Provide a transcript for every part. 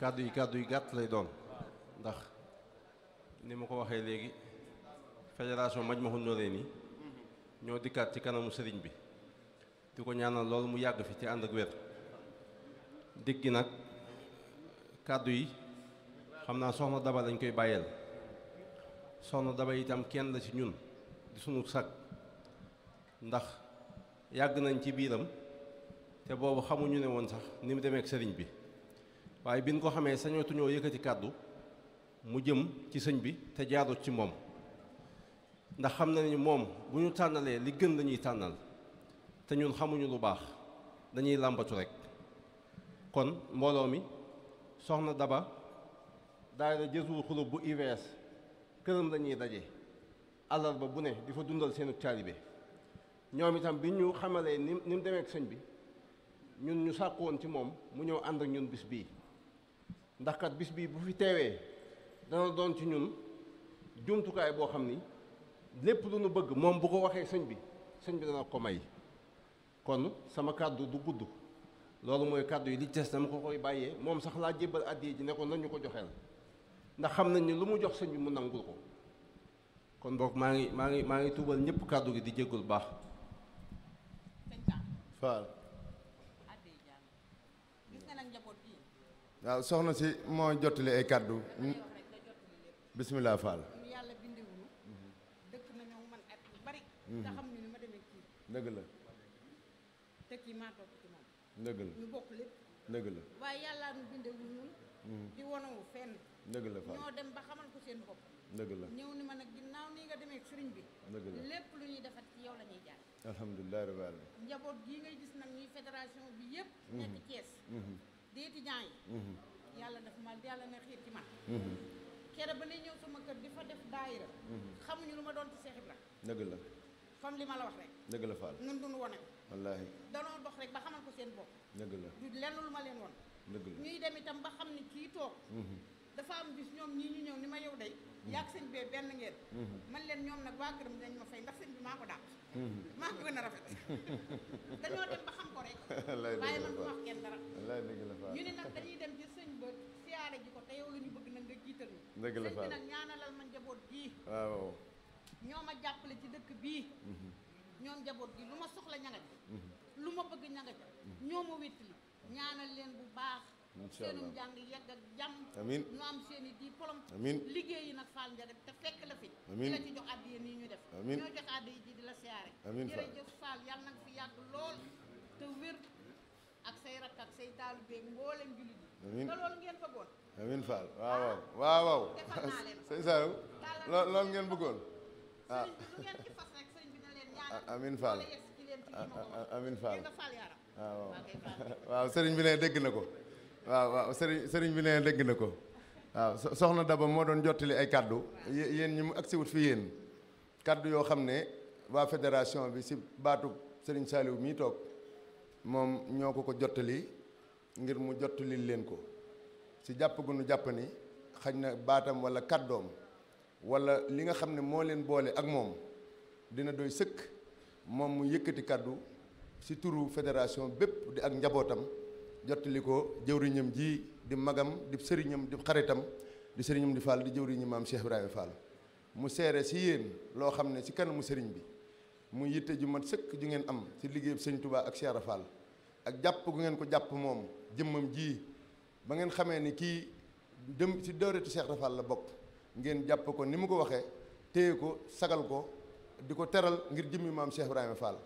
kàddu yi kàddu yi gàtt lay doon ndax ni ma ko waxee léegi fédération Majmahun Nurayni ñoo dikkaat ci kanamu sëriñ bi di ko na loolu mu yàgg fi ci ànd ak wér digg nag kàddu yi xam naa soxna daba lañ koy bàyyeel soxna daba itam kenn la ci ñun di sunu sag ndax yàgg nañ ci biiram te boobu xamuñu ne woon sax ni mu demee ak sëriñ bi waaye bi ñu ko xamee sañootuñoo yëkkati kàddu mu jëm ci sëñ bi te jaarut ci moom ndax xam na ni moom bu ñu tànnalee li gën lañuy tànnal te ñun xamuñu lu baax dañuy làmbatu rek kon mbooloo mi soxna Daba daayira Jazbul Xulub bu UVS këram lañuy daje ba bu ne di fa dundal seenu taalibe ñoom itam bi ñu xamalee ni ni mu demee sëñ bi ñun ñu sàkku woon ci moom mu ñëw ànd ak ñun bis bii ndax kat bis bii bu fi teewee dana doon ci ñun jumtukaay boo xam ni lépp lu nu bëgg moom bu ko waxee sëñ bi sëñ bi dana ko may kon sama kàddu du gudd loolu mooy kàddu yi li des dama ko koy bàyyee moom sax laa jébbal addiya ji ne ko nañu ko joxeel ndax xam nañ ni lu mu jox sëñ bi mu nangul ko kon boog maa ngi maa ngi maa ngi tuubal ñëpp kàddu gi di jéggul baax faal waaw soxna si moo jottali ay kàddu bisimilah Fall. yàlla bindiwuñu dëkk nañu man at yu bari. Mhm. te xam ñu ma demee kii. dëgg la. te kii maa ci moom. dëgg la mhm. ñoo dem ba xamal ko seen bopp. dëgg la ñëw ni ma nag ginnaaw nii nga demee sëriñ bi. dëgg la lépp lu ñuy defat ci yow la ñuy jaar. alhamdulilah njaboot gii ngay gis nag ñuy fédération bi yëpp. Mhm. nekk Thiès. di étudiants yi yàlla dafa ma yàlla na xiir ci man mhm. kere ba ne ñëw sama kër di fa def daayira mhm. xamuñu lu ma doon ci Seex Ibra dëgg la fam li ma la wax rek dëgg la Fall ñun duñu wone wallaahi danoo dox rek ba xamal ko seen bopp dëgg la lenn lu ma leen won dëgg la ñuy dem itam ba xam ne kii toog mhm. dafa am bis ñoom ñii ñu ñëw ni ma yow day hmm. yàgg sëñ bee benn ngeen hmm. man leen ñoom nag waa këram dañ ma fay ndax sëñ bi maa ko dàq hmm. maa ko gën a rafet dañoo dem ba xam ko rek waaye man du wax ko nga jiital bi nag ñaanalal ma njaboot gii waaw ñoo ma jàppale ci dëkk bii ñoom njaboot gi lu ma soxla ñanga lu ma bëgg ñanga ñoo ma wéttali ñaanal leen bu baax incha allah seenum jàng yegg ak jàmm. amiin am seen i diplôme. amiin liggéeyi nag Fall Ndiaga te fekk la fi. amiin di bëggoon. amiin Fall waaw waaw sëriñ bi ne dégg na ko. waaw waaw sëriñ sëriñ bi nee dégg na ko waaw soxna Daba moo doon jottali ay kàddu yéen ñi mu agsiwut fi yéen kàddu yoo xam ne waa fédération bi si baatu sëriñ Saliou mii toog moom ñoo ko ko jottali ngir mu jottali leen ko si jàpp gu nu jàpp ni xaj na baatam wala kàddoom wala li nga xam ne moo leen boole ak moom dina doy sëkk moom mu yëkkati kàddu si turu fédération bépp di ak njabootam jottali ko jëwriñam ji di magam di sëriñam di xaritam di sëriñam di Fall di jëwriñu maam Cheikh Ibrahima Fall mu seere si yéen loo xam ne si kanamu sëriñ bi mu yitte ju mat sëkk ju ngeen am si liggéeyam sëñ Touba ak Cheikh Fall ak jàpp gu ngeen ko jàpp moom jëmmam ji ba ngeen xamee ni kii dem si dooretu Cheikh Fall la bokk ngeen jàpp ko ni mu ko waxee téye ko sagal ko di ko teral ngir jëmmi maam Cheikh Ibrahima Fall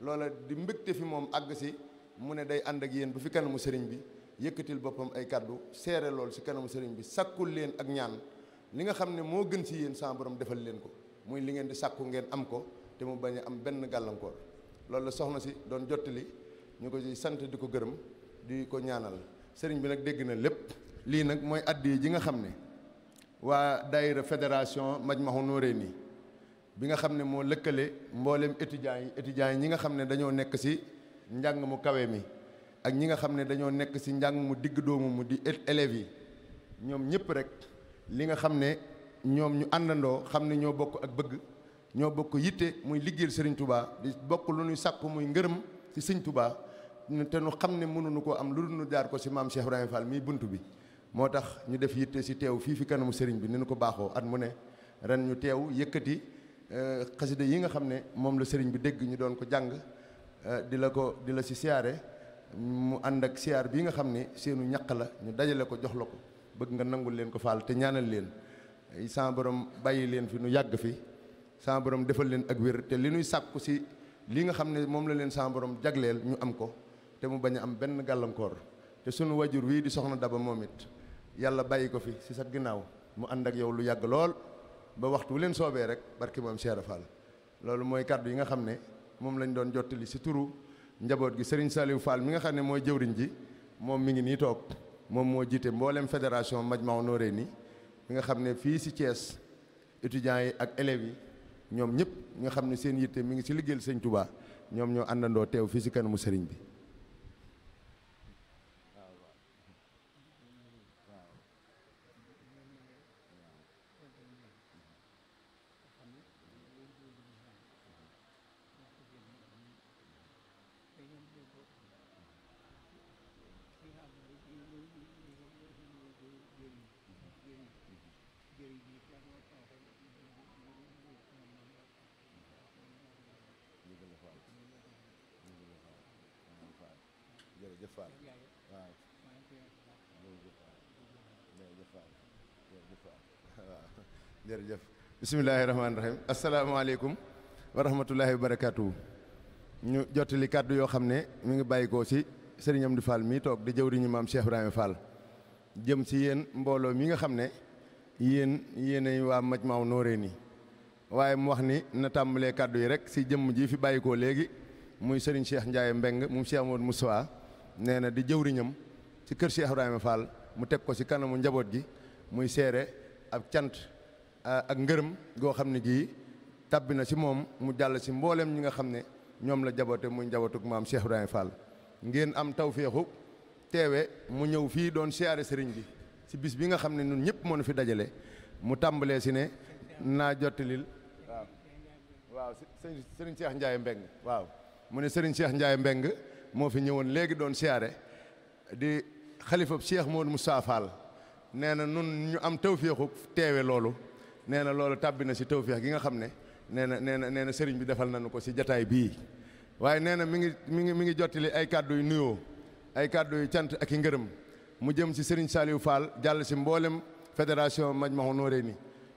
loola di mbégte fi moom àgg si. mu ne day ànd ak yéen bu fi kanamu sëriñ bi yëkkatil boppam ay kàddu seere lool si kanamu sëriñ bi sakkul leen ak ñaan li nga xam ne moo gën si yéen sama borom defal leen ko muy li ngeen di sàkku ngeen am ko te mu bañ a am benn gàllankoor loolu la soxna si doon jottali ñu ko ci sant di ko gërëm di ko ñaanal sëriñ bi nag dégg na lépp lii nag mooy addi ji nga xam ne waa daayira fédération Majmahun Nurayni bi nga xam ne moo lëkkale mboolem étudiants yi étudiants yi ñi nga xam ne dañoo nekk si njàng mu kawe mi ak ñi nga xam ne dañoo nekk ci njàng mu digg doomu mu di élèves yi ñoom ñëpp rek li nga xam ne ñoom ñu àndandoo xam ne ñoo bokk ak bëgg ñoo bokk yitte muy liggéey Serigne tubaa di bokk lu ñuy sàkku muy ngërëm ci Serigne Touba te nu xam ne mënuñu koo am lu nu jaar ko ci maam Cheikh Ibrahima mii bunt bi moo tax ñu def yitte ci teew fii fi kanamu Serigne bi ni nu ko baaxoo at mu ne ren ñu teew yëkkati euh, xasida yi nga xam ne moom la Serigne bi dégg ñu doon ko jàng Euh, di la ko di la si siyaare mu ànd ak siyaar bii nga xam ni seenu ñaq la ñu dajale ko jox la ko bëgg nga nangu leen ko faal te ñaanal leen sa borom bàyyi leen fi nu yàgg fi sa borom defal leen ak wér te li nuy sàkku si li nga xam ne moom la leen sa borom jagleel ñu am ko te mu bañ a am benn gàllankoor te sunu wajur wii di soxna Daba moom it yàlla bàyyi ko fi si sa ginnaaw mu ànd ak yow lu yàgg lool ba waxtu wu leen soobee rek barki moom Cheikh Fall loolu mooy kàddu yi nga xam ne moom lañ doon jottali si turu njaboot gi Serigne Saliou Fall mi nga xam ne mooy jëwriñ ji moom mi ngi nii toog moom moo jiite mboolem fédération Majmahun Nurayni mi nga xam ne fii si Thiès étudiants yi ak élèves yi ñoom ñëpp nga xam ne seen yitte mi ngi si liggéeyal Sëñ Touba ñoom ñoo àndandoo teew fii si kanamu Serigne bi. jërëjëf Fall waaw jërëjëf Fall jërëjëf barakaatu ñu jottali kàddu yoo xam ne mu ngi bàyyikoo si Serigne Amdi Fall mii toog di jëwriñu maam Cheikh Ibrahima Fall jëm si yéen mbooloo mi nga xam ne yéen yéenay waa Majmahun nii waaye mu wax ni na tàmbalee kàddu yi rek si jëmm ji fi bàyyikoo léegi muy sëriñ Cheikh Ndiaye Mbeng mu Cheikh Modou Moussa nee na di jëwriñam ci kër Cheikh Ibrahima Fall mu teg ko si kanamu njaboot gi muy seere ak cant ah, ak ngërëm goo xam ne gii tàbbi na si moom mu jàll si mbooleem ñi nga xam ne ñoom la jaboote muy njabootug maam Cheikh Ibrahima ngeen am tawféexu teewe mu ñëw fii doon siyaare sëriñ bi si bis bi nga xam ne ñun ñëpp mënu fi dajale mu tàmbalee si ne naa jottalil waaw sëriñ Cheikh Ndiaye Mbeng waaw mu ne sëriñ Cheikh Ndiaye Mbeng moo fi ñëwoon léegi doon siyaare di xalifab Cheikh Modou Moussa Fall nee na nun ñu am tawféexu teewe loolu nee na loolu tàbbi na si tawféex gi nga xam ne nee na nee na nee na sëriñ bi defal nañu ko si jataay bii waaye nee na mi ngi mi ngi mi ngi jottali ay kàddu yu nuyoo ay kàddu yu cant ak i ngërëm mu jëm ci Serigne Saliou Fall jàll ci mboolem fédération Majmahun Nurayni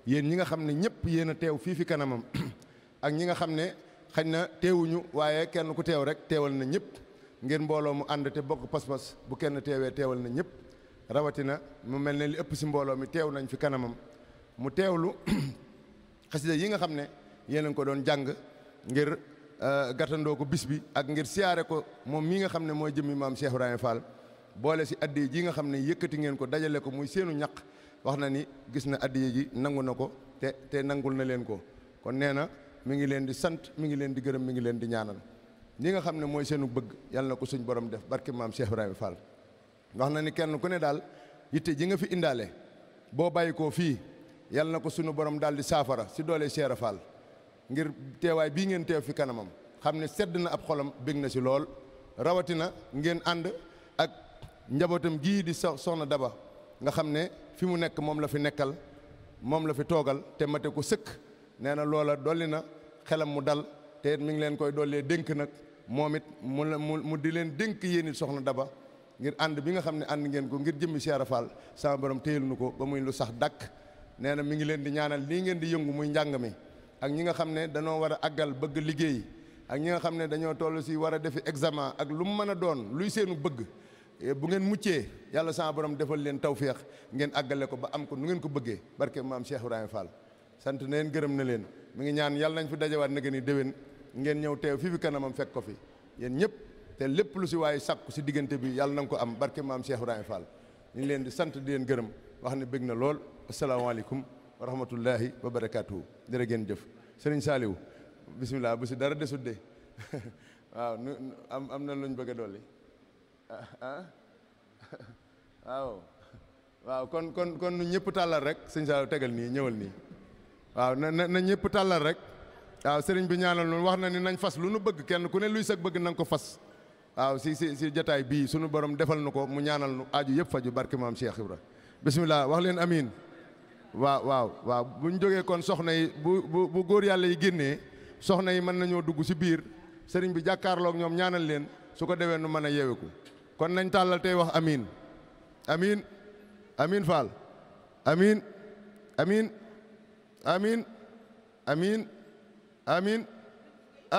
yéen ñi nga xam ne ñëpp yéen a teew fii fi kanamam ak ñi nga xam ne xañ na teewuñu waaye kenn ku teew rek teewal na ñëpp ngeen mbooloo mu ànd te bokk pas-pas bu kenn teewee teewal na ñëpp rawatina mu mel ne li ëpp si mbooloo mi teew nañ fi kanamam mu teewlu xasida yi nga xam ne yéen a ngi ko doon jàng ngir. Euh, gàttandoo ko bis bi ak ngir siyaare ko moom mii nga xam ne mooy jëmmi maam Cheikh Ibrahima boole si addiye jii nga xam ne yëkkati ngeen ko dajale ko muy seenu ñaq wax na ni gis na addiye ji nangu na ko te te nangul na leen ko kon nee na mi ngi leen di sant mi ngi leen di gërëm mi ngi leen di ñaanal li nga xam ne mooy seenu bëgg yàlla na ko suñ borom def barki maam Cheikh Ibrahima wax na ni kenn ku ne daal yitte ji nga fi indaale boo bàyyi koo fii yàlla na ko suñu borom daal di saafara si doole Cheikh ngir teewaay bii ngeen teew fi kanamam xam ne sedd na ab xolam bég na si lool rawatina ngeen ànd ak njabootam gii di sox soxna Daba nga xam ne fi mu nekk moom la fi nekkal moom la fi toogal te mate ko sëkk nee na loola dolli na xelam mu dal te it mi ngi leen koy dollee dénk nag moom it mu mu di leen dénk yéen soxna Daba ngir ànd bi nga xam ne ànd ngeen ko ngir jëmmi Cheikh Fall sama borom téyel nu ko ba muy lu sax dakk nee na mi ngi leen di ñaanal lii ngeen di yëngu muy njàng mi ak ñi nga xam ne dañoo war a àggal bëgg liggéey ak ñi nga xam ne dañoo toll si war a defi examen ak lu mu mën a doon luy seenu bëgg eh, bu ngeen muccee yàlla sama borom defal leen tawféex ngeen àggale ko ba am ko nu ngeen ko bëggee barke maam Cheikh Ibrahima Fall sant na leen gërëm na leen mu ngi ñaan yàlla nañ fi dajawaat na ni déwén ngeen ñëw teew fii fi kanamam fekk ko fi yéen ñëpp te lépp lu si waaye sàkku si diggante bi yàlla na nga ko am barke maam Cheikh Ibrahima Fall ñu ngi leen di sant di leen gërëm wax ne bëgg na lool asalaamaaleykum wa rahmatullahi wa barakaatuhu jërë ngeen jëf sëriñ Saaliw bisimilah bu si dara desut de waaw nu am am na luñ bëgg a dolli ah, ah. waaw waaw kon kon kon nu ñëpp tàllal rek sëñ Saaliw tegal nii ñëwal nii waaw na na na ñëpp tàllal rek waaw sëriñ bi ñaanal noonu wax na ni nañ fas lu nu bëgg kenn ku ne luy sag bëgg nanga ko fas waaw si si si jataay bii sunu borom defal nu ko mu ñaanal nu aju yëpp faju barke maam Cheikh Ibra bisimilah wax leen amiin waaw waaw waaw bu ñu jógee kon soxna yi bu bu bu góor yàlla yi génnee soxna yi mën nañoo dugg ci biir sëriñ bi jàkkaarloog ñoom ñaanal leen su ko dewee nu mën a yeweku kon nañ tàllal tey wax amiin amiin amiin Fall amiin amiin amiin amiin amiin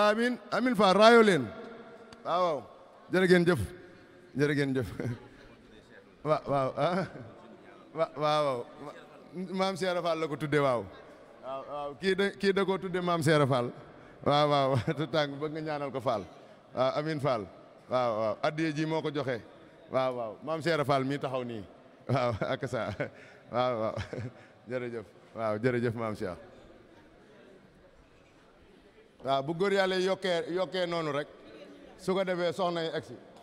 amiin amiin Fall leen waaw waaw jërë jëf jërë ngeen jëf ah. waaw waaw waaw waaw maam Cheikh Fall la ko tudde waaw waaw waaw kii da kii da koo tudde maam Cheikh Fall waaw waaw tu tàng bëgg nga ñaanal ko Fall waaw Amin Fall waaw waaw addiye ji moo ko joxe waaw waaw maam Cheikh Fall mii taxaw nii waaw ak sa waaw waaw jërëjëf waaw jërëjëf maam Cheikh waaw bu góor yokkee yokkee noonu rek su ko defee soxna yi egsi